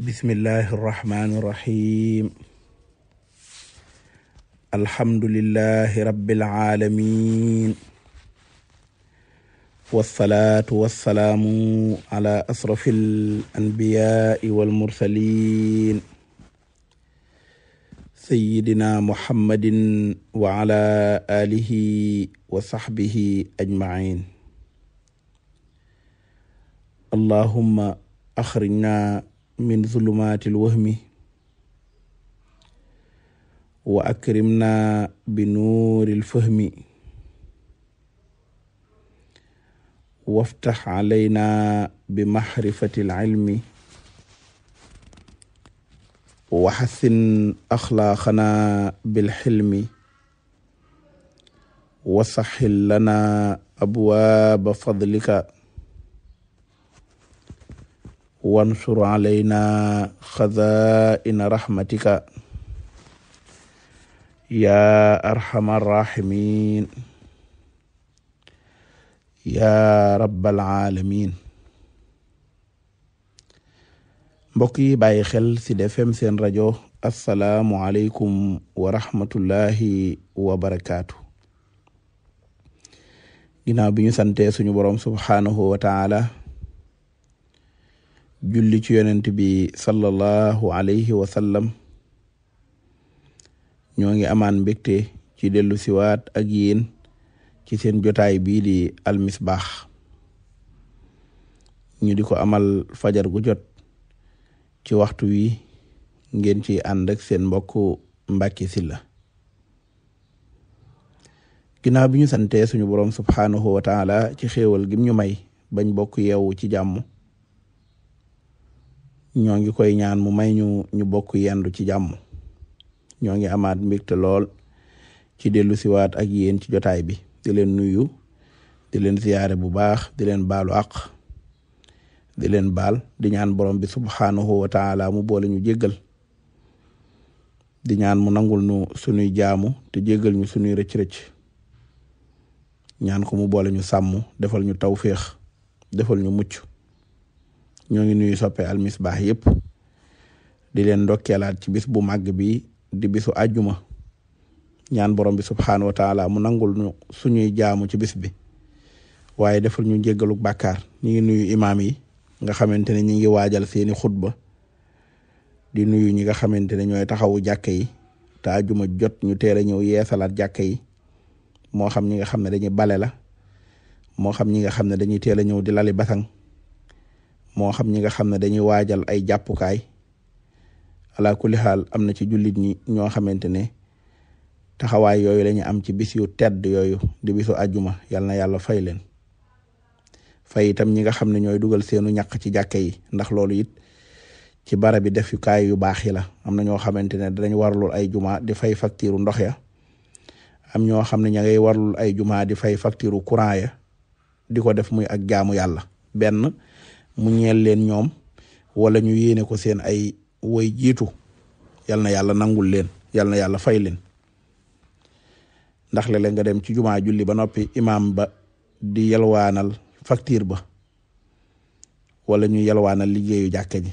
bismillahi irrahmani irrahim alhamdulilahi rabiilalamin walsalaatu walsalaamu ala asrafi alanbiyai walmursalin sayidina muhammadin wa ala alihi wa saxbihi ajmain allahumma axrijna min zulumaatil wahmi wa akrimna bi nuuril fahmi waftax alayna bi maxrifatil ilmi waxasin axlaaqana bil xilmi wasaxil lana abwaaba fadlika wansur alayna xazaa'ina rahmatika yaa arhamar raahimiin yaa rabbal aalamiin mbokk yi bàyyi xel ci Sud seen rajo assalaamu aleykum wa rahmatullahi wa barakaatu ginnaaw bi ñu sante suñu boroom subhaanahu wa julli ci yonent bi sallallahu alayhi wa sallam ñoo ngi amaan mbégte ci dellu siwaat ak yéen ci seen jotaay bii di Al ñu di ko amal fajar gu jot ci waxtu wi ngeen ci ànd seen mbokk Mbacke Sylla ginnaaw bi ñu santee suñu borom subhaanahu wa ci xéewal gim ñu may bañ bokk yeewu ci jàmm ñoo ngi koy ñaan mu may ñu ñu bokk yendu ci jàmm ñoo ngi amaat mbégte lool ci dellu siwaat ak yéen ci jotaay bi di leen nuyu di leen siyaare bu baax di leen baalu àq di leen baal di ñaan borom bi subhaanahu wa taala mu boole ñu jéggal di ñaan mu nangul nu sunuy jaamu te jéggal ñu sunuy rëcc-rëcc ñaan ko mu boole ñu sàmm defal ñu tawféex defal ñu mucc ñoo ngi nuyu soppe Al Misbah yëpp di leen ndokkeelaat ci bis bu màgg bi di bisu àjjuma ñaan borom bi subxanahu wa taala mu nangul ñu suñuy jaamu ci bis bi waaye defal ñu jéggalu bàkkaar ñu ngi nuyu imaam yi nga xamante ne ñu ngi waajal seeni xutba di nuyu ñi nga xamante ne ñooy taxawu jàkka yi te àjjuma jot ñu teel a ñëw yeesalaat jàkka yi moo xam ñi nga xam ne dañuy bale la moo xam ñi nga xam ne dañuy teel a ñëw di lali basang moo xam ñi nga xam ne dañuy waajal ay jàppukaay ala kulli xaal am na ci jullit ñi ñoo xamante ne taxawaay yooyu la am ci bis yu tedd yooyu di bisu àjjuma yal na yàlla fay leen fay itam ñi nga xam ne ñooy dugal seenu ñàq ci jàkke yi ndax loolu it ci barab bi defukaay yu baax yi la am na ñoo xamante ne danañ warlul ay juma di fay facture ndox ya am ñoo xam ne ña ngay warlul ay juma di fay facture courant ya di ko def muy ak jaamu yàlla benn mu ñeel leen ñoom wala ñu yéene ko seen ay woy jiitu yal na yàlla nangul leen yal na yàlla fay leen ndax léeg-léeg nga dem ci jumaa julli ba noppi imaam ba di yalwaanal facture ba wala ñu yalwaanal liggéeyu jàkka ji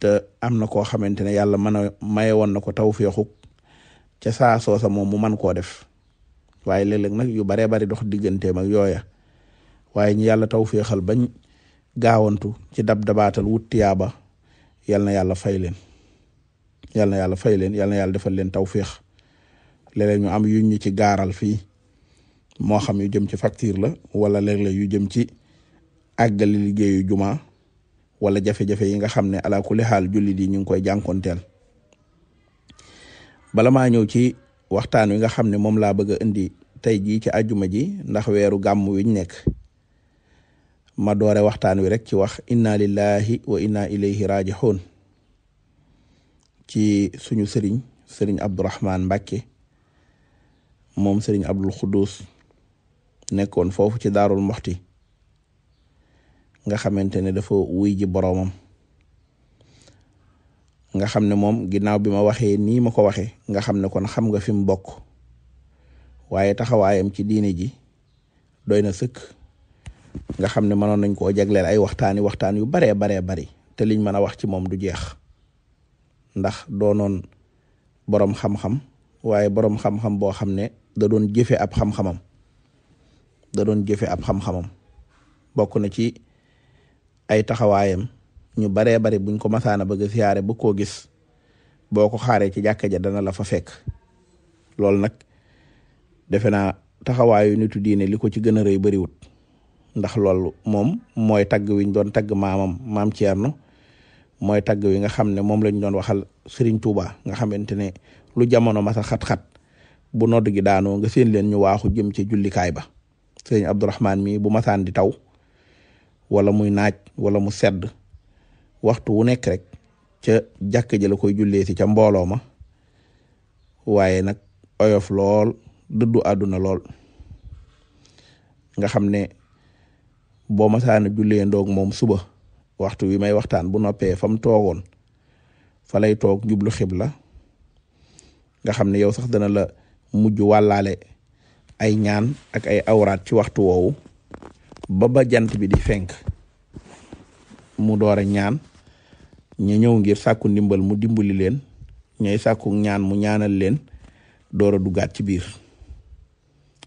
te am na koo xamante ne yàlla mën a woon na ko taw feexuk ca saa soosa moom mu man koo def waaye léeg-léeg nag yu baree bari dox digganteem ak yooya waaye ñi yàlla taw féexal bañ gaawantu ci dab dabaatal wut tiyaaba yal na yàlla fay leen yal na yàlla fay leen yal na yàlla defal leen taw féex léeg ñu am yuñ ñu ci gaaral fii moo xam yu jëm ci facture la wala léeg yu jëm ci àggali liggéeyu juma wala jafe-jafe yi nga xam ne ala xaal jullit yi ñu ngi koy jànkonteel bala maa ñëw ci waxtaan wi nga xam ne moom laa bëgg a indi tey jii ci àjjuma ji ndax weeru gàmm wiñ nekk ma waxtaan wi rek ci wax inna lillahi wa inna ilayhi rajihun ci suñu sëriñ sëriñ abdurahman mbakke moom sëriñ abdul xudus nekkoon foofu ci daarul moxti nga xamante ne dafa wuy ji boroomam nga xam ne moom ginnaaw bi ma waxee nii ma ko waxee nga xam ne kon xam nga fi mu bokk waaye taxawaayam ci diine ji doy na sëkk nga xam ne mënoon nañ koo jagleel ay waxtaani waxtaan yu baree baree bari te liñ mën a wax ci moom du jeex ndax doonoon boroom xam-xam waaye boroom xam-xam boo xam ne da doon jëfe ab xam-xamam da doon jëfe ab xam bokk na ci ay taxawaayam ñu baree bari buñ ko masaana bëgg yaare bu koo gis boo ko xaaree ci jàkka ja dana la fa fekk loolu nag defe naa taxawaayu nitu diine li ko ci gën a rëy bariwut ndax lool moom mooy tagg wi doon tagg maamam maam Thierno mooy tagg wi nga xam ne moom lañ doon waxal Serigne Touba nga xamante ne lu jamono masa xat-xat bu nodd gi daanoo nga seen leen ñu waaxu jëm ci jullikaay ba Serigne Abdourahman mi bu masaan di taw wala muy naaj wala mu sedd waxtu wu nekk rek ca jàkk ji la koy jullee si ca mbooloo ma waaye nag oyof lool dëddu àdduna lool nga xam ne boo masaana jullee ndoog moom suba waxtu wi may waxtaan bu noppee fa mu toogoon fa lay toog jublu xibla nga xam ne yow sax dana la mujj wàllaale ay ñaan ak ay awraat ci waxtu woowu ba ba jant bi di fenk mu door a ñaan ña ñëw ngir sàkku ndimbal mu dimbali leen ñay sàkku ñaan mu ñaanal leen door a duggaat ci biir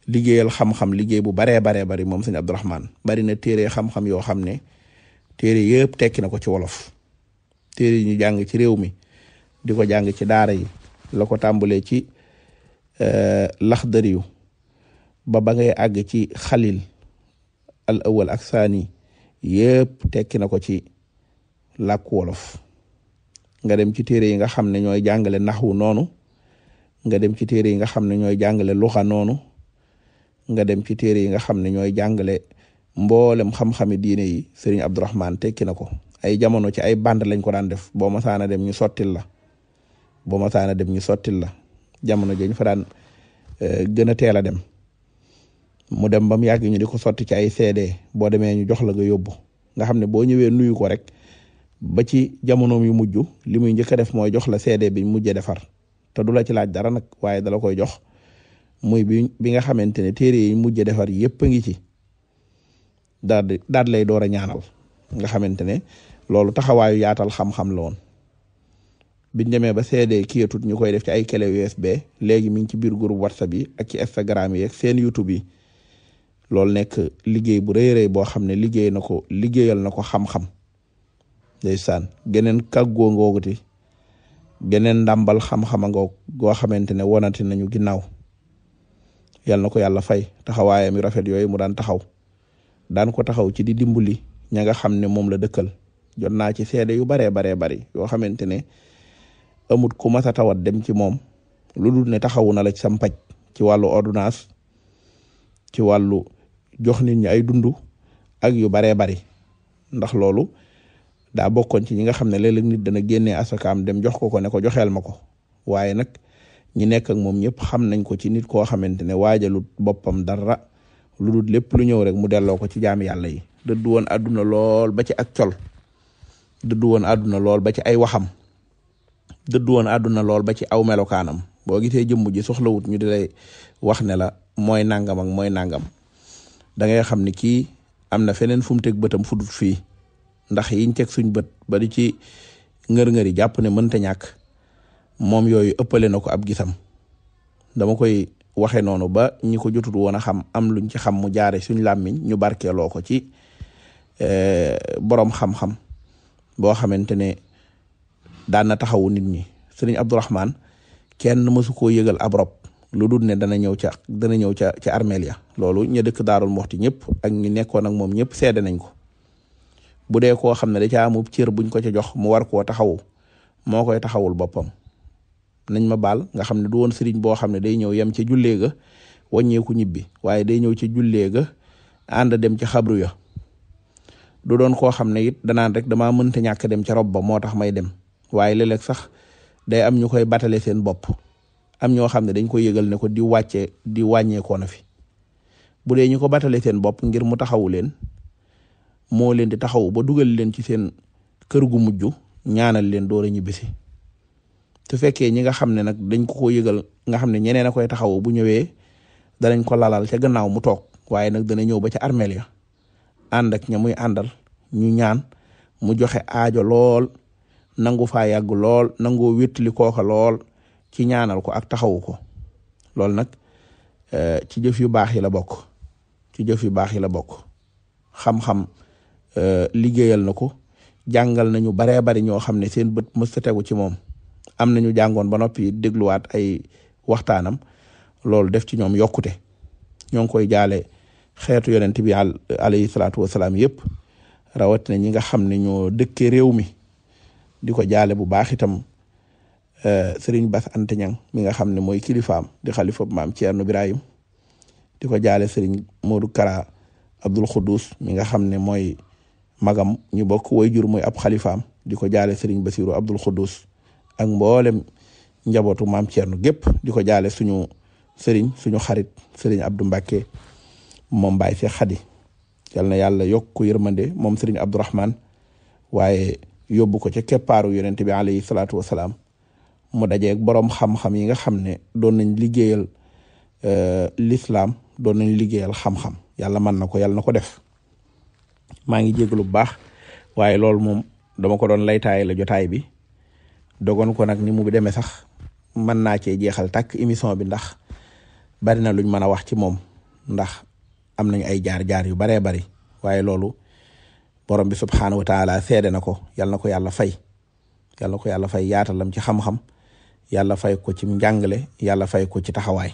liggéeyal xam-xam liggéey bu baree baree bari moom sëñ Abdourahman bari na téere xam-xam yoo xam ne téere yëpp tekki na ko ci wolof téere yi ñu jàng ci réew mi di ko jàng ci daara yi la ko tàmbalee ci euh, laxdariyu ba ba ngay àgg ci xalil al awal ak saani yëpp tekki na ko ci làkku wolof nga dem ci téere yi nga xam ne ñooy jàngale naxwu noonu nga dem ci téere yi nga xam ne ñooy jàngale luxa noonu nga dem ci téere yi nga xam ne ñooy jàngale mboolem xam-xami diine yi Serigne Abdourahman tekki na ko ay jamono ci ay band lañ ko daan def boo masaana dem ñu sottil la boo masaana dem ñu sottil la jamono jooju fa daan eh, gën a teel a dem mu dem ba mu yàgg ñu di ko sotti ci ay seede boo demee ñu jox la nga yóbbu nga xam ne boo ñëwee nuyu ko rek ba ci jamonoom yu mujj li muy njëkk a def mooy jox la CD bi mujjee defar te du la ci laaj dara nag waaye dala koy jox. muy bi bi nga xamante ne téere yi mujj defar yëpp a ngi ci daal di lay door a ñaanal nga xamante ne loolu taxawaayu yaatal xam-xam la woon biñ demee ba CD kiyatut ñu koy def ci ay clé be léegi mi ngi ci biir groupe WhatsApp yi ak ci Instagram yi ak seen YouTube yi loolu nekk liggéey bu rëy rëy boo xam ne liggéey na ko liggéeyal na ko xam-xam ndeysaan geneen kàggoo ngooguti geneen ndàmbal xam-xam a ngoog goo xamante ne wonati nañu ginnaaw yal na ko yàlla fay taxawaayam yu rafet yooyu mu daan taxaw daan ko taxaw ci di dimbali ña nga xam ne moom la dëkkal jot naa ci seede yu baree baree bari yoo xamante ne amut ku mas a tawat dem ci moom lu dul ne taxawu na la ci sam paj ci wàllu ordonnance ci wàllu jox nit ñi ay dundu ak yu baree bari ndax loolu daa bokkoon ci ñi nga xam ne léeg-léeg nit dana génnee asakaam dem jox ko ko ne ko joxeel ma ko waaye nag ñi nekk ak moom ñëpp xam nañ ko ci nit koo xamante ne waajalut boppam dara lu dul lépp lu ñëw rek mu delloo ko ci jaami yàlla yi dëddu woon àdduna lool ba ci ak col dëddu woon àdduna lool ba ci ay waxam dëddu woon àdduna lool ba ci aw melokaanam boo gisee jëmm ji soxlawut ñu di lay wax ne la mooy nangam ak mooy nangam da ngay xam ni kii am na feneen fu mu teg bëtam fudut fii ndax yiñ teg suñ bët ba di ci ngër-ngëri jàpp ne mënta ñàkk moom yooyu ëppale na ko ab gisam dama koy waxe noonu ba ñi ko jotut woon a xam am luñ ci xam mu jaare suñ làmmiñ ñu barkeeloo ko ci eh, boroom xam-xam boo xamante ne daana na taxawu nit ñi sëriñ Abdourahman kenn mësu koo yëgal ab lu dul ne dana ñëw ca dana ñëw ca ca armeel ya loolu ña dëkk daarul moxti ñëpp ak ñi nekkoon ak moom ñëpp seede nañ ko bu dee koo xam ne da ca amub cër buñ ko ca jox mu war koo taxawu moo koy taxawul boppam nañ ma baal nga xam ne du woon sëriñ boo xam ne day ñëw yem ca jullee ga wàññeeku ñibbi waaye day ñëw ca jullee ga ànd dem ca xabru ya du doon koo xam ne it danaan rek damaa mënta ñàkk dem ca rob ba moo tax may dem waaye léeg sax day am ñu koy batale seen bopp am ñoo xam ne dañ koy yegal ne ko di wàcce di wàññeekoo na fi bu dee ñu ko batale seen bopp ngir mu taxawu leen moo leen di taxawu ba dugal leen ci seen kër gu mujj ñaanal leen door a ñibbisi su fekkee ñi nga xam ne nag dañ ko ko yëgal nga xam ne ñeneen a koy taxaw bu ñëwee danañ ko lalal ca gannaaw mu toog waaye nag dana ñëw ba ci armeel ya ànd ak ña muy àndal ñu ñaan mu joxe aajo lool nangu faa yàgg lool nangoo wétali kooka lool ci ñaanal ko ak taxawu ko loolu nag e, ci jëf yu baax yi la bokk ci jëf yu yi la bokk xam-xam e, liggéeyal na ko jàngal nañu baree bari ñoo xam ne seen bët mësta tegu ci moom am nañu jàngoon ba noppi dégluwaat ay waxtaanam loolu def ci ñoom yokkute ñoo ngi koy jaale xeetu yonent bi alayhi salaatu wasalaam yëpp rawatina ñi nga xam ne ñoo dëkkee réew mi di ko jaale bu baax itam euh, Serigne Bass Anta Niang mi nga xam ne mooy kilifaam di xalifa maam Thierno Birahim di ko jaale Serigne Modou Kara Abdul Khoudous mi nga xam ne mooy magam ñu bokk way jur muy ab xalifaam di ko jaale Serigne Basiru Abdul Khoudous ak mboolem njabootu maam nu gépp di ko jaale suñu sëriñ suñu xarit sëriñ Abdou mbake moom Baye Cheikh xadi yal na yàlla yokk yërmande moom sëriñ Abdourahman waaye yóbbu ko ca keppaaru yonent bi alayhi salaatu wasalaam mu dajeeg borom xam-xam yi nga xam ne doon nañ liggéeyal euh, lislaam doon nañ liggéeyal xam-xam yàlla mën na ko yàlla na ko def maa ngi jégalu bu baax waaye loolu moom dama ko doon laytaay la jotaay bi. dogon ko nag ni mu demee sax mën naa cee jeexal takk émission bi ndax bari na luñ mën a wax ci moom ndax am nañu ay jaar-jaar yu baree bari waaye loolu borom bi subxanahu wa taala seede na ko yal ko yàlla fay yal ko yàlla fay yaatalam ci xam-xam yàlla fay ko ci njàngale yàlla fay ko ci taxawaay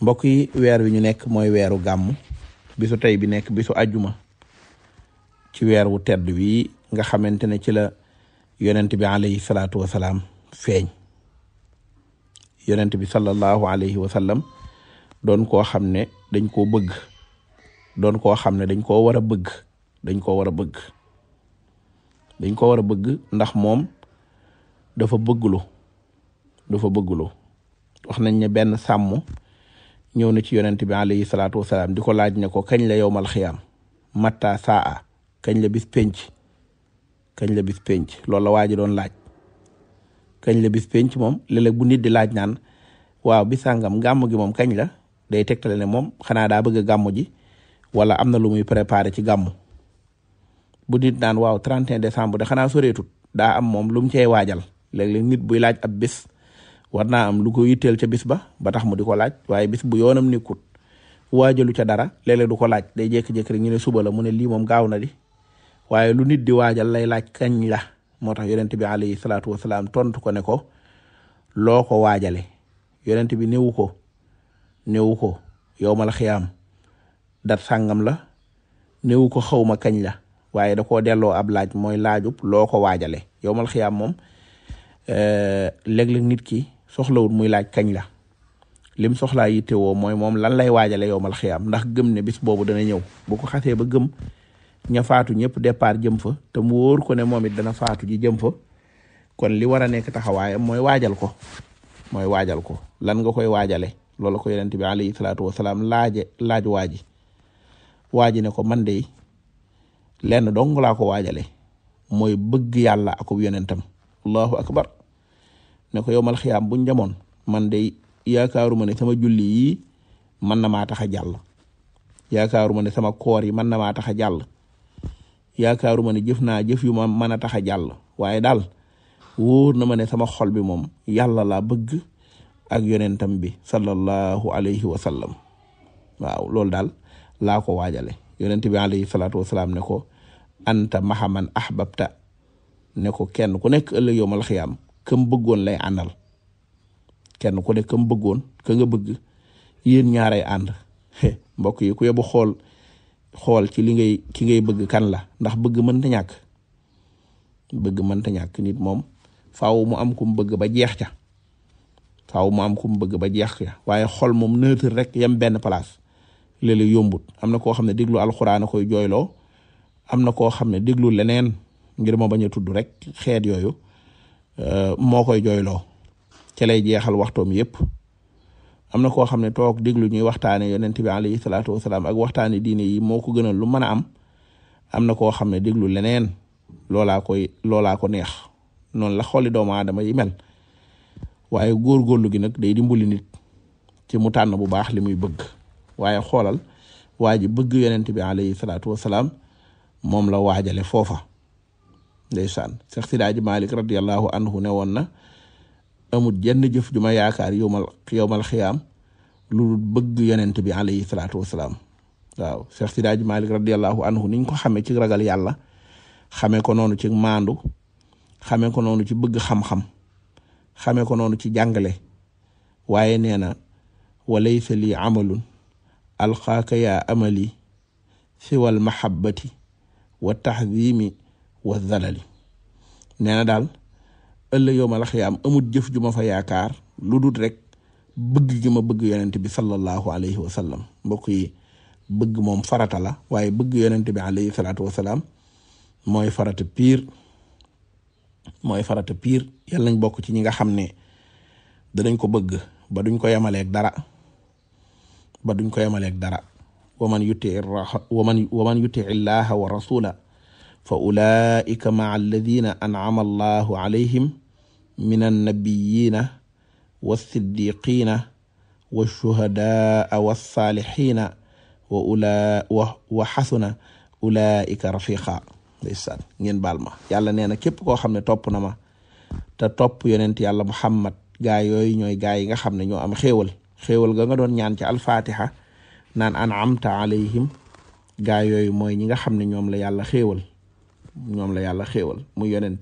mbokk yi weer wi ñu nekk mooy weeru gàmm bisu tey bi nekk bisu ajjuma ci weer wu tedd wi nga xamante ne ci la. yonent bi alayhi salaatu wa salaam feeñ yonent bi sallallahu alayhi wa sallam doon koo xam ne dañ koo bëgg doon koo xam ne dañ koo war a bëgg dañ koo war a bëgg dañ koo war a bëgg ndax moom dafa bëgglu dafa bëgglu wax nañ ne benn sàmm ñëw na ci yonent bi alayhi salaatu wa salaam di ko laaj ne ko kañ la yowmal xiyaam matta saa kañ la bis penc kañ la bis penc loolu la waa ji doon laaj kañ la bis penc moom léeg-léeg bu nit di laaj naan waaw bi sàngam gàmm gi moom kañ la day tegtale ne moom xanaa daa bëgg a gàmm ji wala am na lu muy préparé ci gàmm bu nit naan waaw 31 décembre de xanaa soreetut daa am moom lu mu cey waajal léeg-léeg nit buy laaj ab bis war naa am lu ko yitteel ca bis ba ba tax mu di ko laaj waaye bis bu yoonam nekkut waajalu ca dara léeg-léeg du ko laaj day jékki-jékki rek ñu ne suba la mu ne lii moom gaaw na di waaye lu nit di waajal lay laaj kañ la moo tax yonent bi alayhi salaatu wasalaam tontu ko ne ko loo ko waajale yonent bi néewu ko néewu ko yowmal xiyaam dat sàngam la néewu ko xawma kañ la waaye da koo delloo ab laaj mooy laajub loo ko waajale yowmal xiyaam moom eh, léeg-léeg nit ki soxlawul muy laaj kañ la lim soxlaa yittewoo mooy moom lan lay waajale yowmal xiyaam ndax gëm ne bis boobu dana ñëw bu ko xasee ba gëm ña faatu ñëpp départ jëm fa te mu ko ne moom it dana faatu ji jëm fa kon li war a nekk taxawaayam mooy waajal ko mooy waajal ko lan nga koy waajale loolu ko yonent bi alayhi salaatu wasalaam laaje laaj waaji waaji ne ko man de lenn dong laa ko waajale mooy bëgg yàlla akub yonentam allahu akbar ne ko yowmal xiyaam bu jamoon man dey yaakaaruma ne sama julli yi mën na maa tax a jàll yaakaaruma ne sama koor yi mën na maa tax a jàll yaakaaruma ne jëf naa jëf yu ma mën a tax a jàll waaye daal wóor na ma ne sama xol bi moom yàlla laa bëgg ak yonentam bi sallallahu alayhi wa sallam waaw loolu daal laa ko waajale yonent bi alayhi salaatu wasalaam ne ko anta mahaman ahbabta ne ko kenn ku nekk ëllëg yowmal xiyaam kam bëggoon lay àndal kenn ku nekk kam bëggoon ka nga bëgg yéen ñaaray ànd mbokk yi ku yebu xool xool ci li ngay ki ngay bëgg kan la ndax bëgg mënta ñàkk bëgg mënta ñàkk nit moom faaw mu am kum bëgg ba jeex ca faaw mu am kum bëgg ba jeex ca waaye xool moom neutre rek yam benn palace léeg-léeg yombut am na koo xam ne déglu alxuraan a koy jooyloo am na koo xam ne déglu leneen ngir ma bañ a tudd rek xeet yooyu euh, moo koy jooyloo ca lay jeexal waxtoom yépp am na koo xam ne toog déglu ñuy waxtaane yonent bi alayhi salaatu wasalaam ak waxtaane diine yi moo ko gënal lu mën a am am na koo xam ne déglu leneen loolaa koy loolaa ko neex noonu la xooli doomu aadama yi mel waaye góorgóorlu gi nag day dimbali nit ci mu tànn bu baax li muy bëgg waaye xoolal waa ji bëgg yonent bi alayhi salaatu wasalaam moom la waajale foofa ndeysaan Seex Sidaaji Maalik radiyallahu anhu ne woon na amul jenn jëf ju ma yaakaar yowmal yowmal xiyaam lu bëgg yonent bi alayhi salaatu wasalaam waaw Cheikh Sidaaj Malik radiallahu anhu niñ ko xamee ci ragal yàlla xamee ko noonu ci maandu xamee ko noonu ci bëgg xam-xam ko noonu ci jàngale waaye nee na walaysa lii amalun alxaaka yaa amali siwal mahabbati wa taxdimi wa zalali nee daal ëllëg yow ma la xiyaam jëf ju fa yaakaar lu dul rek bëgg gi bëgg yonent bi sallallahu alayhi wa sallam mbokk yi bëgg moom farata la waaye bëgg yonent bi alayhi salaatu wa mooy farata piir mooy farata nañ bokk ci ñi nga xam ne danañ ko bëgg baduñ ko yemaleeg dara ba duñ ko yemaleeg dara waman yuti waman waman yuti illaha fa ulaika maa alladina an'ama allahu alayhim min annabiyiina wassiddiqiina washuhadaa wassaalihiina wa ulaa wa wa xasuna ulaika rafiqa ndeysaan ngeen baal ma yàlla nee na képp koo xam ne topp na ma te topp yonent yàlla muhammad gaa yooyu ñooy gaa yi nga xam ne ñoo am xéewal xéewal nga nga doon ñaan ci alfatiha naan an'amta alayhim gaa yooyu mooy ñi nga xam ne ñoom la yàlla xéewal ñoom la yàlla xéewal mu yonent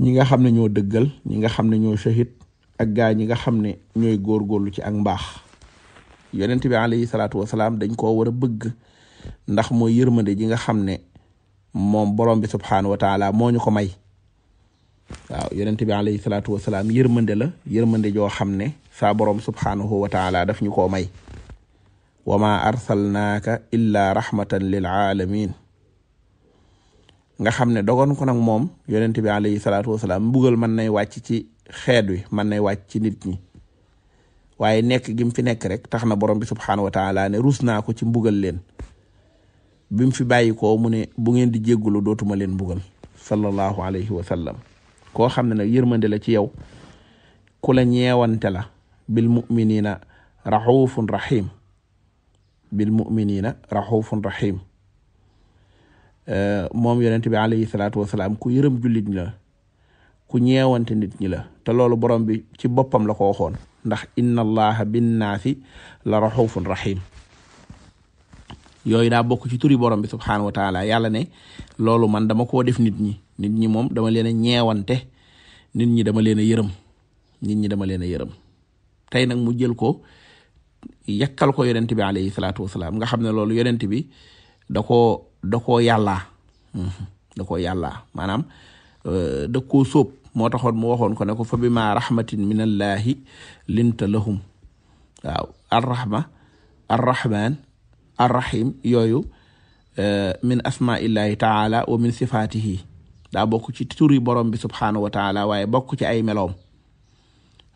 ñi nga xam ne ñoo dëggal ñi nga xam ne ñoo shahid ak gaa ñi nga xam ne ñooy góorgóorlu ci ak mbaax yonent bi alayhi salaatu wasalaam dañ koo war a bëgg ndax mooy yërmande ji nga xam ne moom borom bi subhaanahu wa taala moo ñu ko may waaw yonent bi alayhi salaatu wasalaam yërmande la yërmande joo xam ne saa borom subhaanahu wa taala daf ñu koo may wa ma arsalnaaka illa rahmatan lil alamin nga xam ne dogoon ko nag moom yonent bi alayhi salaatu wasalaam mbugal mën nay wàcc ci xeet wi mën nay wàcc ci nit ñi waaye nekk gi mu fi nekk rek tax na borom bi subxanahu wa taala ne rus naa ko ci mbugal leen bi mu fi bàyyi mu ne bu ngeen di jéggulu dootuma leen mbugal sallallahu alayhi wa sallam koo xam ne nag yërmande la ci yow ku la ñeewante la bil muminina raxuufun raxiim bil muminina raxuufun raxiim Euh, moom yonent bi alayhi salaatu wasalaam ku yërëm julit ñi la ku ñeewante nit ñi la te loolu borom bi ci boppam la ko waxoon ndax inna allaha binnaasi la raxuufun rahim yooyu daa bokk ci turi borom bi subxanahu wa taala yàlla ne loolu man dama koo def nit ñi nit ñi moom dama leen a ñeewante nit ñi dama leen a yërëm nit ñi dama leen a yërëm tey nag mu jël ko yakkal ko yonent bi alayhi salaatu wasalaam nga xam ne loolu yonent bi Mhm. Euh, da koo yàllaa da koo yàllaa maanaam da koo moo taxoon mu waxoon ko ne ko fa bi ma rahmatin min allaahi linta lahum waaw arrahma arrahman arrahim yooyu euh, min asmaillahi ta wa min sifatihi daa bokk ci turi borom bi subhaanahu wa waaye bokk ci ay meloom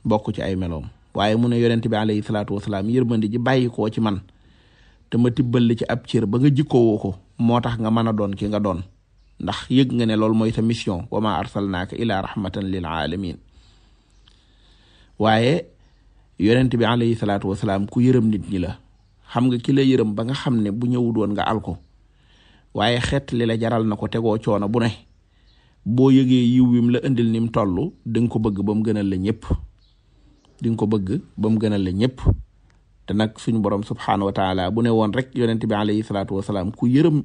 bokk ci ay meloom waaye mu ne yonent bi alayhi salaatu wasalaam yërmandi ji bàyyi koo ci man te ma tibbal ci ab cër ba nga jikkoo woo ko moo tax nga mën a doon ki nga doon ndax yëg nga ne loolu mooy sa mission wa ma arsalnaaka ila rahmatan lil alamin waaye yonent bi alayhi salaatu wasalaam ku yërëm nit ñi la xam nga ki yërëm ba nga xam ne bu ñëwut woon nga al ko waaye xeet li jaral na ko tegoo coono bu ne boo yëgee yiw wim la indil ni mu toll di ko bëgg ba mu gënal la ñëpp di ko bëgg ba mu gënal la ñëpp te nag suñu borom subhaanahu wa taala bu woon rek yonent bi alayhi salaatu ku yërëm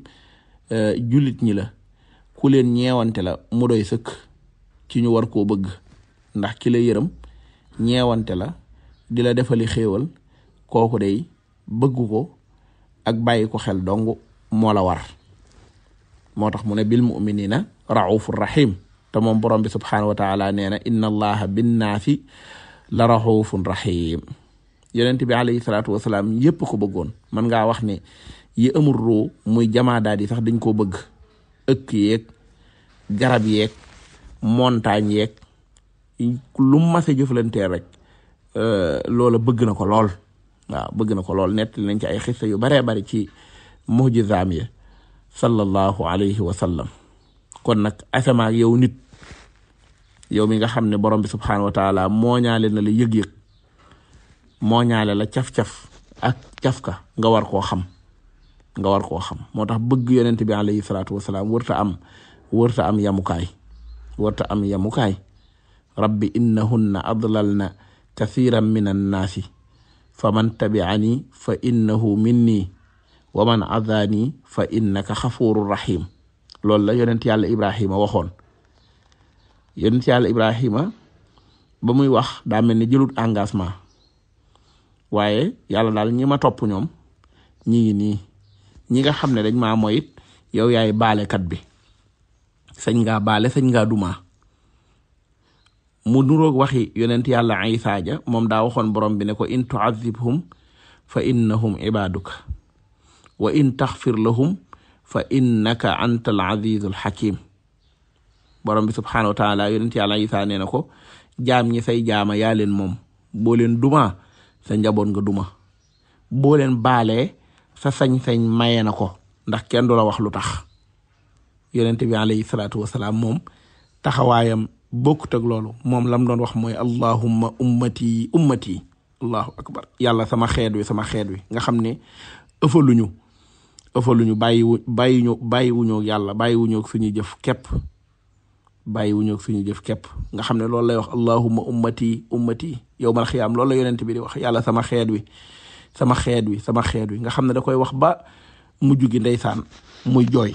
euh, julit ñi la ku leen ñeewante la mu doy sëkk ci ñu war koo bëgg ndax ki la yërëm ñeewante la di la defali xéewal kooku day bëgg ko ak bàyyi ko xel dong moo la war moo tax mu ne bil muminina raufur rahim te moom borom bi subhaanahu wa taala nee na inna allaha binnaasi la raufun rahim yonent bi alayhi salaatu wasalaam yépp ko bëggoon man ngaa wax ne yi amul muy jamaadaat yi sax dañ koo bëgg ëkk yeeg garab yeeg montagne yeeg lu mase jëflantee rek euh, loola bëgg na ko lool waaw bëgg na ko lool nett nañ ci ay xista yu baree bari ci mujizaam ya sallallahu alayhi wa sallam kon nag asamaak yow nit yow mi nga xam ne borom bi subhanahu wa taala mooñaale na la yëg-yëg moo ñaale la caf-caf ak cafka nga war koo xam nga war koo xam moo tax bëgg yonent bi alayhi salaatu wasalaam wërta am wërta am yamukaay wërta am yamukaay rabbi innahunna adlalna kathiran min annaasi fa man tabi'ani fa innahu minni wa man adaani fa innaka xafurur rahim loolu la yonent yàlla ibrahima waxoon yonent yàlla ibrahima ba muy wax daa mel ni jëlut engagement waaye yàlla daal ñi topp ñoom ñi ngi nii ñi nga xam ne dañ ma moy it yow yaay baalekat bi sañ ngaa baale sañ ngaa dumaa mu nuroog waxi yonent yàlla Isaa moom daa waxoon borom bi ne ko in tuazibhum fa innahum ibaaduka wa in taxfir lahum fa innaka anta al azizul xakim borom bi subxanahu wa taala yonent yàlla Isaa nee na ko jaam ñi say jaama yaa moom boo leen sa njaboot nga duma boo leen baalee sa sañ-sañ maye na ko ndax kenn du la wax lu tax yonent bi alayhi salaatu wasalaam moom taxawaayam bokkut teg loolu moom lam doon wax mooy allahumma ummati ummati allahu akbar yàlla sama xeet wi sama xeet wi nga xam ne ëfaluñu ëfaluñu bàyyiwu bàyyiñu bàyyiwuñu yàlla bàyyiwuñu suñuy jëf képp bàyyiwuñu suñu jëf képp nga xam ne loolu lay wax allahumma ummati ummati yowmal xiyaam loolu la yonent bi di wax yàlla sama xeet wi sama xeet wi sama xeet wi nga xam ne da koy wax ba mujj gi ndeysaan muy jooy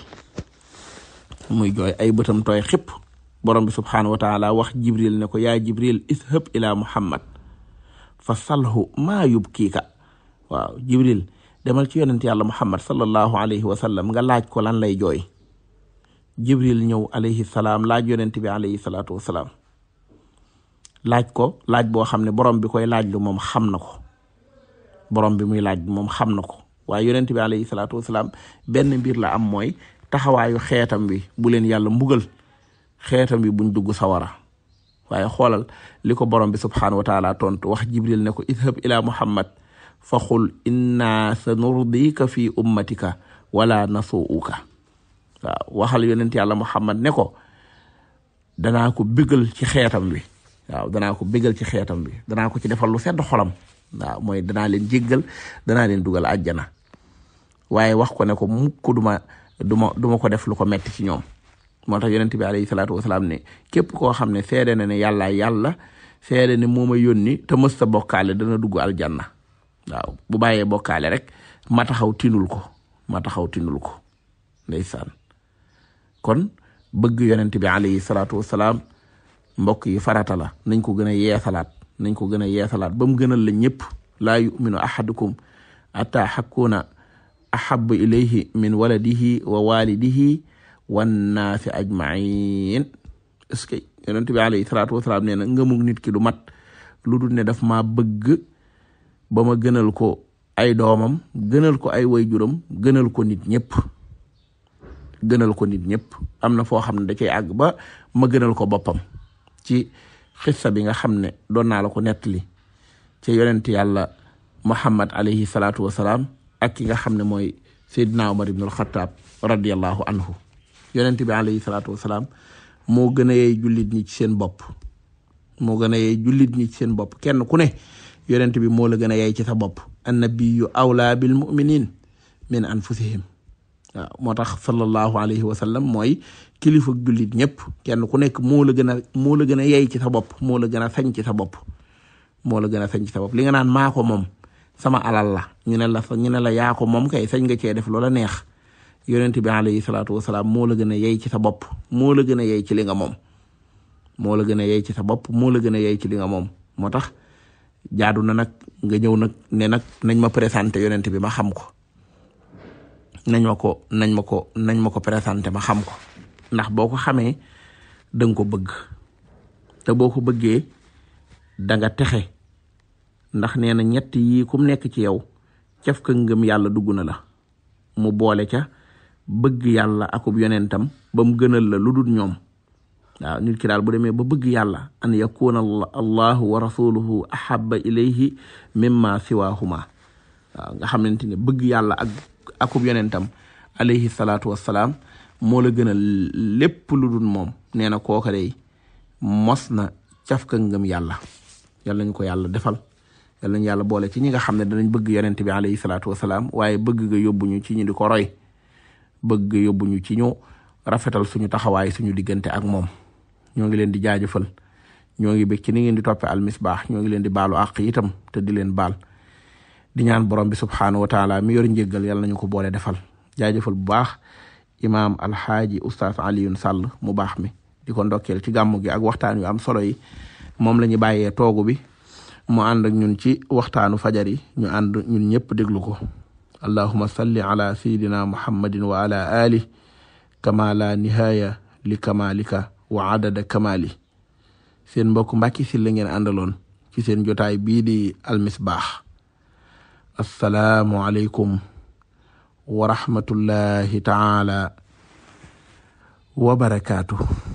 muy jooy ay bëtam tooy xëpp borom bi subxanahu wa taala wax Jibril ne ko yaa Jibril ishab ila Muhammad fa salhu maa yubkiika waaw Jibril demal ci yonent yàlla Muhammad sallallahu alayhi wa sallam nga laaj ko lan lay jooy. jibril ñëw alayhi salaam laaj yonent bi alayhi salaatu wasalaam laaj ko laaj boo xam ne borom bi koy laaj lu moom xam na ko borom bi muy laaj moom xam na ko waaye yonent bi alayhi salaatu wasalaam benn mbir la am mooy taxawaayu xeetam bi bu leen yàlla mbugal xeetam bi buñ dugg sawara waaye xoolal li ko borom bi subhaanahu wa wax jibril ne ko idhab ila muhammad fa xul inna sa nurdika fi ummatika wala nasuuka waaw waxal yonent yàlla Muhammad ne ko danaa ko bégal ci xeetam bi waaw danaa ko bégal ci xeetam bi danaa ko ci defal lu sedd xolam waaw mooy danaa leen jéggal danaa leen dugal àjjana waaye wax ko ne ko mukk duma duma duma ko def lu ko metti ci ñoom moo tax yonent bi alayhi salaatu wasalaam ne képp koo xam ne seede ne ne yàlla yàlla seede ne moo ma yónni te mës sa bokkaale dana dugg aljanna waaw bu bàyyee bokkaale rek ma taxaw tinul ko ma taxaw tinul ko kon bëgg yonent bi alayhi salaatu wasalaam mbokk yi farata la nañ ko gën a yeesalaat nañ ko gën a yeesalaat ba mu gënal la ñëpp laa yuminu ahadukum ataa xakkuuna ahabu ilayhi min waladihi wa walidihi wannaasi ajmain est-ce que bi alayhi salaatu wasalaam nee na ngëmug nit ki du mat lu dul ne daf maa bëgg ba gënal ko ay doomam gënal ko ay wayjuram gënal ko nit ñëpp gënal ko nit ñëpp am na foo xam ne da cay àgg ba ma gënal ko boppam ci xissa bi nga xam ne doon naa la ko nettali ci yonent yàlla muhammad alayhi salaatu wasalaam ak ki nga xam ne mooy sayyidina umar ibnul xataab radiallahu anhu yonent bi alayhi salaatu wasalaam moo gën a yey jullit ñi ci seen bopp moo gën a yey jullit ñi ci seen bopp kenn ku ne yonent bi moo la gën a yey ci sa bopp annabiyu awlaa bil muminin min anfusihim waaw moo tax sallallahu alayhi wa sallam mooy kilifa jullit ñëpp kenn ku nekk moo la gën a moo la gën a yey ci sa bopp moo la gën a sañ ci sa bopp moo la gën a sañ ci sa bopp li nga naan maako moom sama alal la ñu ne la ñu ne la yaa moom kay sañ nga cee def loola neex yonent bi alayhi salaatu wasalaam moo la gën a yey ci sa bopp moo la gën a yey ci li nga moom moo la gën a yey ci sa bopp moo la gën a yey ci li nga moom moo tax jaadu na nag nga ñëw nag ne nag nañ ma présenté yonent bi ma xam ko nañ ma ko nañ ma ko nañ ma ko présenté ma xam ko ndax boo ko xamee danga ko bëgg te boo ko bëggee danga texe ndax nee na ñett yii kum nekk ci yow cef ka ngëm yàlla dugg na la mu boole ca bëgg yàlla akub yonentam ba mu gënal la lu dul ñoom waaw nit ki daal bu demee ba bëgg yàlla an yakuna allahu wa rasuluhu ahabba ilayhi mimma siwahuma waaw nga xamante ne bëgg yàlla ak akub yonentam alayhi salaatu wassalaam moo la gën a lépp lu dul moom nee na kooka day mos na cafka ngëm yàlla yàlla ñu ko yàlla defal yàlla ñu yàlla boole ci ñi nga xam ne danañ bëgg yonent bi alayhi salaatu wassalaam waaye bëgg nga yóbbuñu ci ñu di ko roy bëgg yóbbuñu ci ñu rafetal suñu taxawaay suñu diggante ak moom ñoo ngi leen di jaajëfal ñoo ngi bëgg ci ni ngeen di toppe Al Misbah ñoo ngi leen di baalu àq itam te di leen baal di ñaan borom bi subxanahu wa mi yor njéggal yàlla nañu ko boole defal jaajëfal bu baax imaam alxaaji oustaz Alioune Sall mu baax mi di ko ndokkeel ci gàmm gi ak waxtaan yu am solo yi moom la ñu bàyyee toogu bi mu ànd ñun ci waxtaanu fajar yi ñu ànd ñun ñëpp déglu ko allahuma salli ala sayidina muhammadin wa ala ali kama la nihaaya li kamalika wa adada kamali seen mbokk si Sylla ngeen àndaloon ci seen jotaay bii di almisbaax assalaamu aleykum wa rahmatullahi taala wa barakaatu